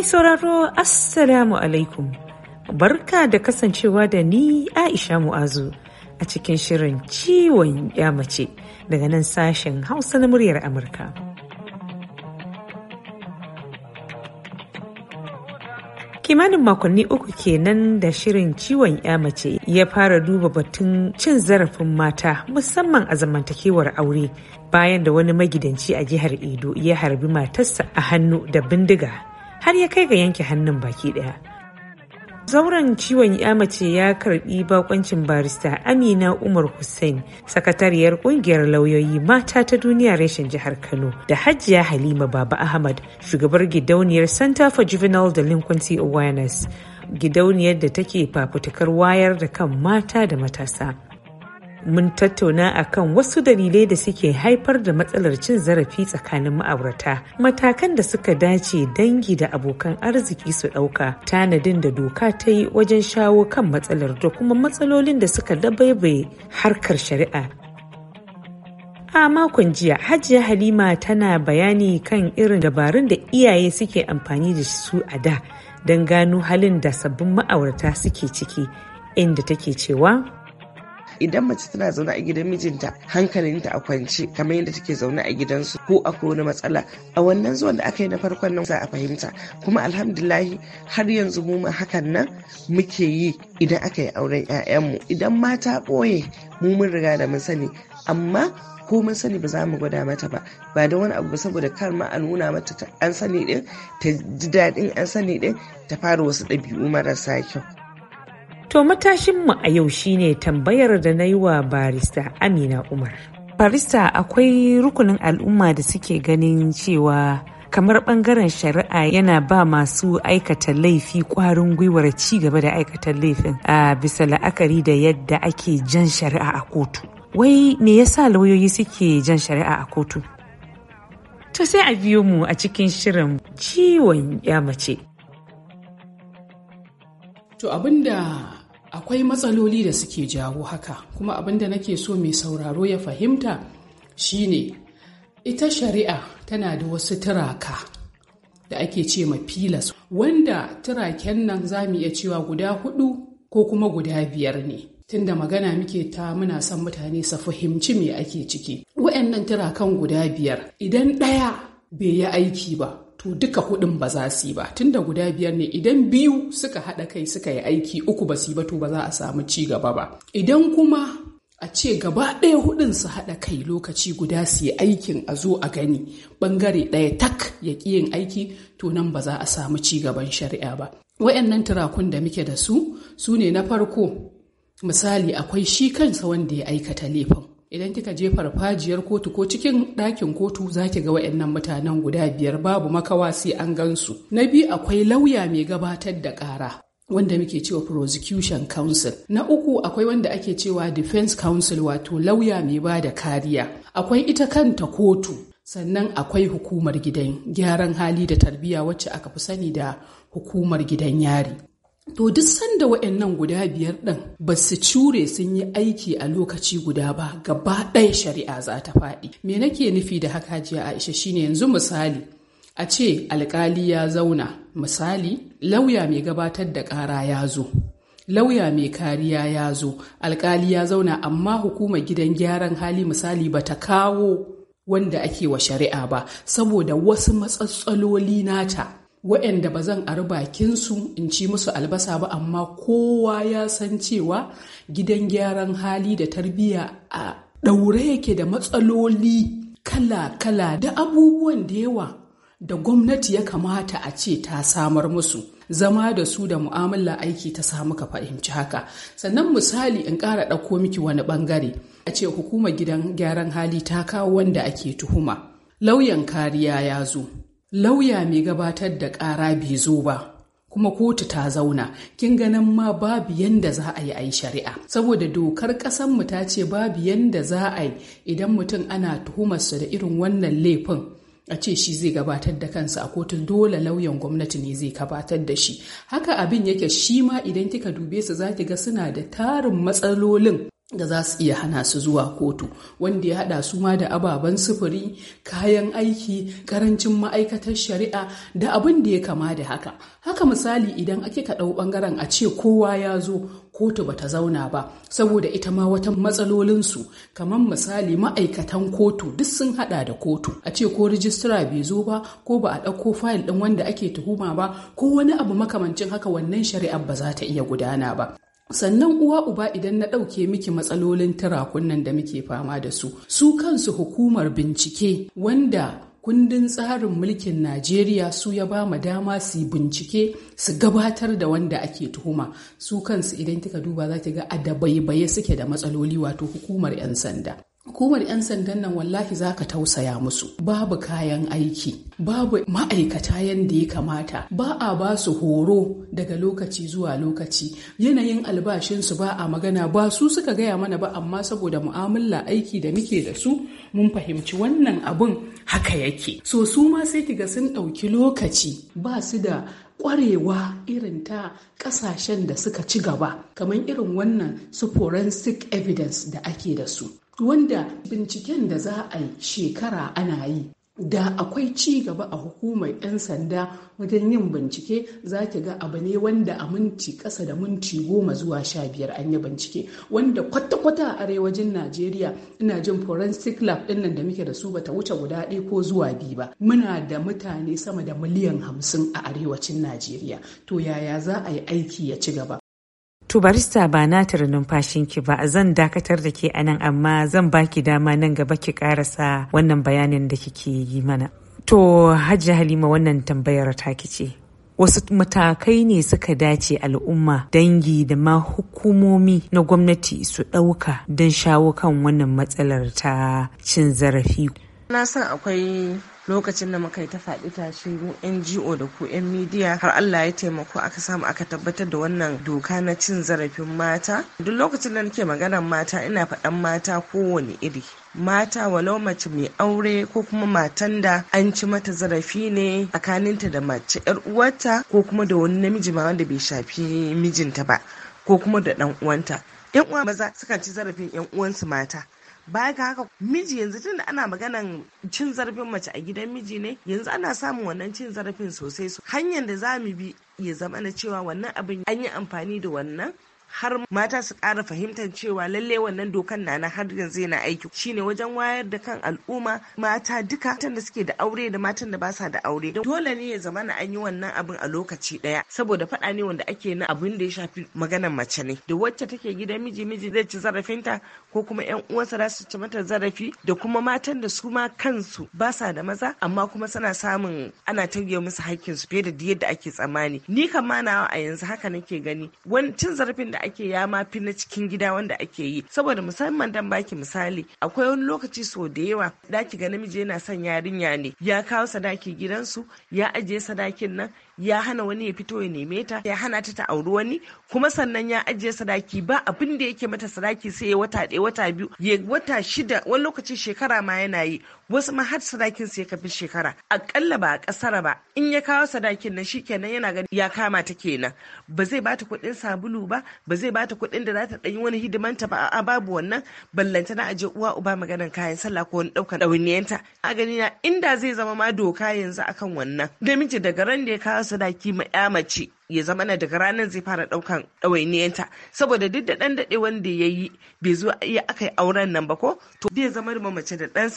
Mai sauraro Assalamu alaikum. Barka da kasancewa da ni Aisha Mu'azu a cikin shirin ciwon mace daga nan sashen Hausa na muryar Amurka. Kimanin makonni uku kenan da shirin ciwon mace ya fara duba batun cin zarafin mata musamman a zamantakewar aure bayan da wani magidanci a jihar Edo ya harbi matarsa a hannu da bindiga har ya kai ga yanke hannun baki daya zauren ciwon ya mace ya karbi bakoncin barista amina umar hussein sakatariyar kungiyar lauyoyi mata ta duniya reshen jihar kano da hajiya halima baba ahmad shugabar gidauniyar center for juvenile delinquency awareness gidauniyar da take fafutukar wayar da kan mata da matasa mun tattauna akan wasu dalilai da suke haifar da matsalar cin zarafi tsakanin ma'aurata matakan da suka dace dangi da abokan arziki su ɗauka tanadin da doka ta yi wajen shawo kan matsalar da kuma matsalolin da suka dabaibaye harkar shari'a a makon jiya hajiya halima tana bayani kan irin dabarun da iyaye suke amfani da su a da don gano halin da sabbin ma'aurata suke ciki inda take cewa idan mace tana zaune a gidan mijinta hankalinta a kwance kamar yadda take zaune a gidansu ko akwai wani matsala a wannan zuwan da aka yi na farkon nan za a fahimta kuma alhamdulahi har yanzu mu ma hakan nan muke yi idan aka yi auren 'ya'yanmu idan mata ɓoye mu mun riga da mun sani amma ko mun sani ba za mu gwada mata ba ba da wani abu saboda kar ma a nuna mata an sani din ta ji daɗin an sani din ta fara wasu ɗabi'u marasa kyau To matashinmu a yau shine tambayar da na yi wa barista Amina Umar. Barista akwai rukunin al'umma da suke ganin cewa kamar bangaren shari'a yana ba masu aikata laifi kwarin gwiwar ci gaba da aikata laifin a bisa la'akari da yadda ake jan shari'a a kotu wai me yasa lauyoyi suke jan shari'a a kotu to sai a biyo mu a cikin shirin ciwon ya mace to abinda akwai matsaloli da suke jawo haka kuma abin da nake so mai sauraro ya fahimta shine ita shari'a tana da wasu turaka da ake ce ma filas wanda turaken nan za mu iya cewa guda hudu ko kuma guda biyar ne tunda magana muke ta muna son mutane su fahimci me ake ciki wa'annan turakan guda biyar idan ɗaya bai yi aiki ba to duka hudun ba za su yi ba tunda guda biyar ne idan biyu suka haɗa kai suka yi aiki uku ba su yi ba to ba za a samu ci gaba ba idan kuma a ce gaba ɗaya hudun su haɗa kai lokaci guda su yi aikin a zo a gani bangare ɗaya tak ya ƙi yin aiki to nan ba za a samu ci gaban shari'a ba wayannan turakun da muke da su su ne na farko misali akwai shi kansa wanda ya aikata laifin idan kika je farfajiyar kotu ko cikin ɗakin kotu za ki ga waɗannan mutanen guda biyar babu makawa sai an gansu na biyu akwai lauya mai gabatar da ƙara wanda muke cewa prosecution council na uku akwai wanda ake cewa defense council wato lauya mai ba da kariya akwai ita kanta kotu sannan akwai hukumar gidan gyaran hali da tarbiyya wacce aka fi sani da hukumar gidan yari To duk sanda wa'annan guda biyar ɗin ba su cure sun yi aiki a lokaci guda ba gaba ɗaya shari'a za ta faɗi. Me nake nufi da haka jiya Aisha shine yanzu misali a ce alkali ya zauna misali lauya mai gabatar da ƙara ya zo. lauya mai kariya ya zo alkali ya zauna amma hukumar gidan gyaran hali misali bata kawo wanda ake wa shari'a ba saboda wasu matsatsaloli nata waɗanda ba zan ari bakinsu in ci musu albasa ba amma kowa ya san cewa gidan gyaran hali da tarbiyya a ɗaure yake da matsaloli kala-kala da abubuwan da yawa da gwamnati ya kamata a ce ta samar musu zama da su da mu'amala aiki ta samu ka fahimci haka sannan misali in ƙara ɗauko miki wani ɓangare a ce hukumar gidan gyaran hali ta kawo wanda ake tuhuma lauyan kariya ya zo lauya mai gabatar da ƙara bai zo ba kuma kotu ta zauna kin ganin ma babu yanda za a yi a yi shari'a saboda dokar mu ta ce babu yanda za a yi idan mutum ana tuhumarsa da irin wannan laifin a ce shi zai gabatar da kansa a kotun dole lauyan gwamnati ne zai gabatar da shi haka abin yake shi ma idan kika dube su za ki ga suna da tarin matsalolin da za su iya hana su zuwa kotu wanda ya hada su ma da ababen sufuri kayan aiki karancin ma'aikatar shari'a da abin da ya kama da haka haka misali idan ake ka ɗau ɓangaren a ce kowa ya zo kotu bata zauna ba saboda ita ma wata matsalolinsu kamar misali ma'aikatan kotu duk sun hada da kotu a ce ko rijistira bai zo ba ko ba a ɗauko fayil ɗin wanda ake tuhuma ba ko wani abu makamancin haka wannan shari'ar ba za ta iya gudana ba sannan uwa uba idan na ɗauke miki matsalolin turakunan da muke fama da su su kansu hukumar bincike wanda kundin tsarin mulkin najeriya su ya ba ma dama su bincike su gabatar da wanda ake tuhuma su kansu idan kika duba za ga a da suke da matsaloli wato hukumar 'yan sanda hukumar 'yan sandan nan wallahi za ka tausaya musu babu kayan aiki babu ma'aikata yadda ya kamata ba a ba su horo daga lokaci zuwa lokaci yanayin albashinsu ba a magana ba su suka gaya mana ba amma saboda mu'amala aiki da muke da su mun fahimci wannan abun haka yake so su ma sai kiga sun ɗauki lokaci ba su da Kwarewa irin ta ƙasashen da suka ci gaba kamar irin wannan su forensic evidence da ake da su wanda binciken da za a yi shekara ana yi da akwai ci gaba a hukumar 'yan sanda wajen yin bincike za ki ga abu ne wanda a minti ƙasa da minti goma zuwa sha biyar an yi bincike wanda kwata-kwata a arewacin najeriya ina jin forensic lab ɗin nan da muke da su ba ta wuce guda ɗaya ko zuwa biyu ba muna da mutane sama da miliyan hamsin a arewacin najeriya to yaya za a yi aiki ya ci gaba To barista ba na numfashin ki ba zan dakatar da ke nan, amma zan baki dama nan gaba ki karasa wannan bayanin da kike yi mana. To Hajji Halima wannan tambayar ta ce. Wasu matakai ne suka dace al'umma dangi da ma hukumomi na gwamnati su ɗauka don shawo kan wannan matsalar ta cin zarafi. na san akwai lokacin da muka yi ta faɗi tashi mu NGO da ku 'yan midiya har Allah ya taimako aka samu aka tabbatar da wannan doka na cin zarafin mata. Duk lokacin da nake maganar mata ina faɗan mata kowane iri. Mata walau mace mai aure ko kuma matan da an ci mata zarafi ne tsakaninta da mace 'yar uwarta ko kuma da wani namiji ma wanda bai shafi mijinta ba ko kuma da ɗan uwanta. 'Yan uwa maza suka ci zarafin 'yan uwansu mata. baya ga haka miji yanzu tun da ana maganan cin zarafin mace a gidan miji ne yanzu ana samun wannan cin zarafin sosai hanyar da za mu bi ya zama na cewa wannan abin an yi amfani da wannan har mata su ƙara fahimtar cewa lalle wannan dokan na har yanzu yana aiki shine wajen wayar da kan al'umma mata duka matan da suke da aure da matan da basa da aure dole ne ya zama na an yi wannan abin a lokaci daya saboda faɗa ne wanda ake na abin da ya shafi maganar mace ne da wacce take gidan miji miji zai ci zarafinta ko kuma yan uwansa za su ci mata zarafi da kuma matan da su ma kansu basa da maza amma kuma suna samun ana tauye musu hakkin su fiye da yadda ake tsammani ni kan a yanzu haka nake gani wani cin zarafin da ake ya ma fi na cikin gida wanda ake yi saboda musamman dan baki misali akwai wani lokaci so da yawa daki ga namiji yana son yarinya ne ya kawo sadaki gidansu ya ajiye sadakin nan ya hana wani ya fito ya neme ta ya hana ta ta auri wani kuma sannan ya ajiye sadaki ba abin da yake mata sadaki sai ya wata ɗaya wata biyu ya wata shida wani lokacin shekara ma yana yi wasu ma har sadakin sai ka fi shekara akalla ba a kasara ba in ya kawo sadakin na shikenan yana gani ya kama ta kenan ba zai bata kuɗin sabulu ba ba zai bata kuɗin da za ta ɗanyi wani hidimanta ba a babu wannan ballanta na aje uwa uba maganan kayan sallah ko wani ɗaukar ɗawainiyanta a gani na inda zai zama ma doka yanzu akan wannan da miji daga ran da ya kawo sadaki ma ya mace ya zama na daga ranar zai fara daukan ɗawainiyanta saboda duk da ɗan daɗe wanda ya yi bai zo iya aka yi auren nan ba ko to bai zama da mace da ɗan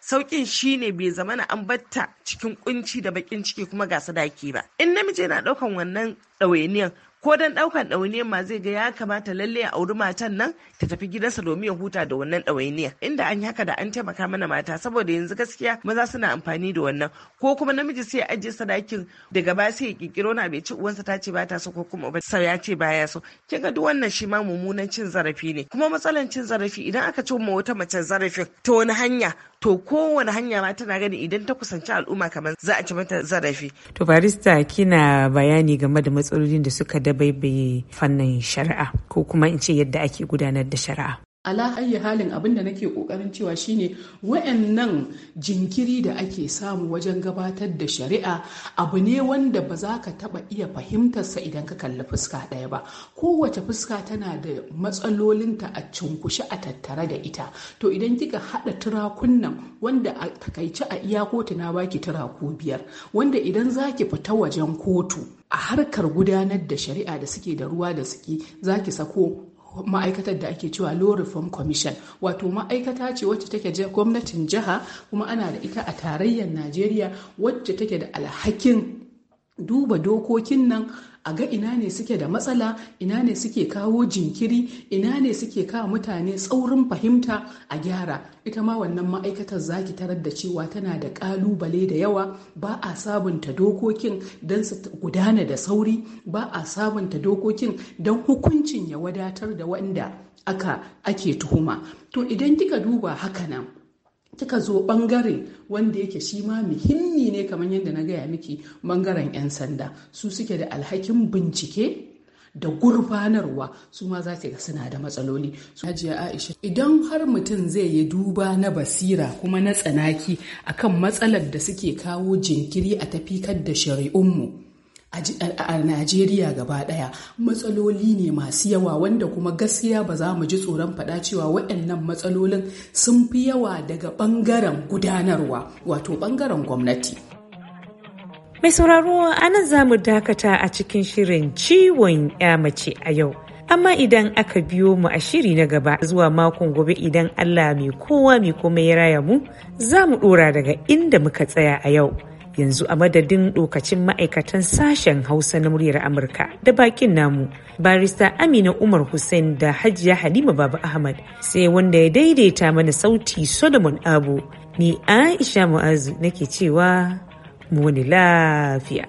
sauƙi shi ne bai zama na an batta cikin kunci da bakin ciki kuma ga sadaki ba in namiji yana ɗaukan wannan ɗawainiyan ko dan daukan ɗawainiyar ma zai ga ya kamata lalle ya auri matan nan ta tafi gidansa domin ya huta da wannan ɗawainiyar inda an yi haka da an taimaka mana mata saboda yanzu gaskiya maza suna amfani da wannan ko kuma namiji sai ya ajiye sadakin daga ba sai ya kirkiro na bai ci uwansa ta ce ba ta so ko kuma ba ya ce baya so kin ga duk wannan shi ma mummunan cin zarafi ne kuma matsalan cin zarafi idan aka ci wata mace zarafin ta wani hanya to kowane hanya ma tana gani idan ta kusanci al'umma kamar za a ci mata zarafi. To barista kina bayani game da matsalolin da suka dabaibaye fannin shari'a ko kuma in ce yadda ake gudanar da shari'a. ala ayi halin abin da nake kokarin cewa shine wayannan jinkiri da ake samu wajen gabatar da shari'a abu ne wanda ba za ka taba iya fahimtarsa idan ka kalli fuska ɗaya ba kowace fuska tana da matsalolinta a cunkushe a tattare da ita to idan kika haɗa turakun nan wanda a takaice a iya kotu na baki turaku biyar wanda idan za ki fita wajen kotu a harkar gudanar da shari'a da suke da ruwa da suke za ki sako ma'aikatar da ake cewa law reform commission wato ma'aikata ce wacce take gwamnatin jiha kuma ana da ita a tarayyar najeriya wacce take da alhakin duba dokokin nan a ga ina ne suke da matsala ina ne suke kawo jinkiri ina ne suke kawo mutane tsaurin fahimta a gyara ita ma wannan ma'aikatar zaki tarar da cewa tana da kalubale da yawa ba a sabunta dokokin don su gudana da sauri ba a sabunta dokokin don hukuncin ya wadatar da wanda aka ake tuhuma to idan kika duba haka nan kika zo bangare wanda yake shi ma muhimmi ne kamar yadda na gaya miki bangaren 'yan sanda su suke da alhakin bincike da gurbanarwa su ma za ga suna da matsaloli su hajiya aisha idan har mutum zai yi duba na basira kuma na tsanaki akan matsalar da suke kawo jinkiri a tafikar da shari'unmu a Najeriya gaba ɗaya matsaloli ne masu yawa wanda kuma gaskiya ba za mu ji tsoron faɗa cewa waɗannan matsalolin sun fi yawa daga ɓangaren gudanarwa wato ɓangaren gwamnati. Mai sauraro anan za mu dakata a cikin shirin ciwon ya mace a yau. amma idan aka biyo mu a shiri na gaba zuwa makon gobe idan Allah mai kowa mai komai ya raya mu za mu ɗora daga inda muka tsaya a yau. yanzu a madadin dokacin ma'aikatan sashen hausa na muryar amurka da bakin namu barista amina umar hussein da hajiya halima baba ahmad sai wanda ya daidaita mana sauti solomon abu ni aisha mu'azu nake cewa mu wani lafiya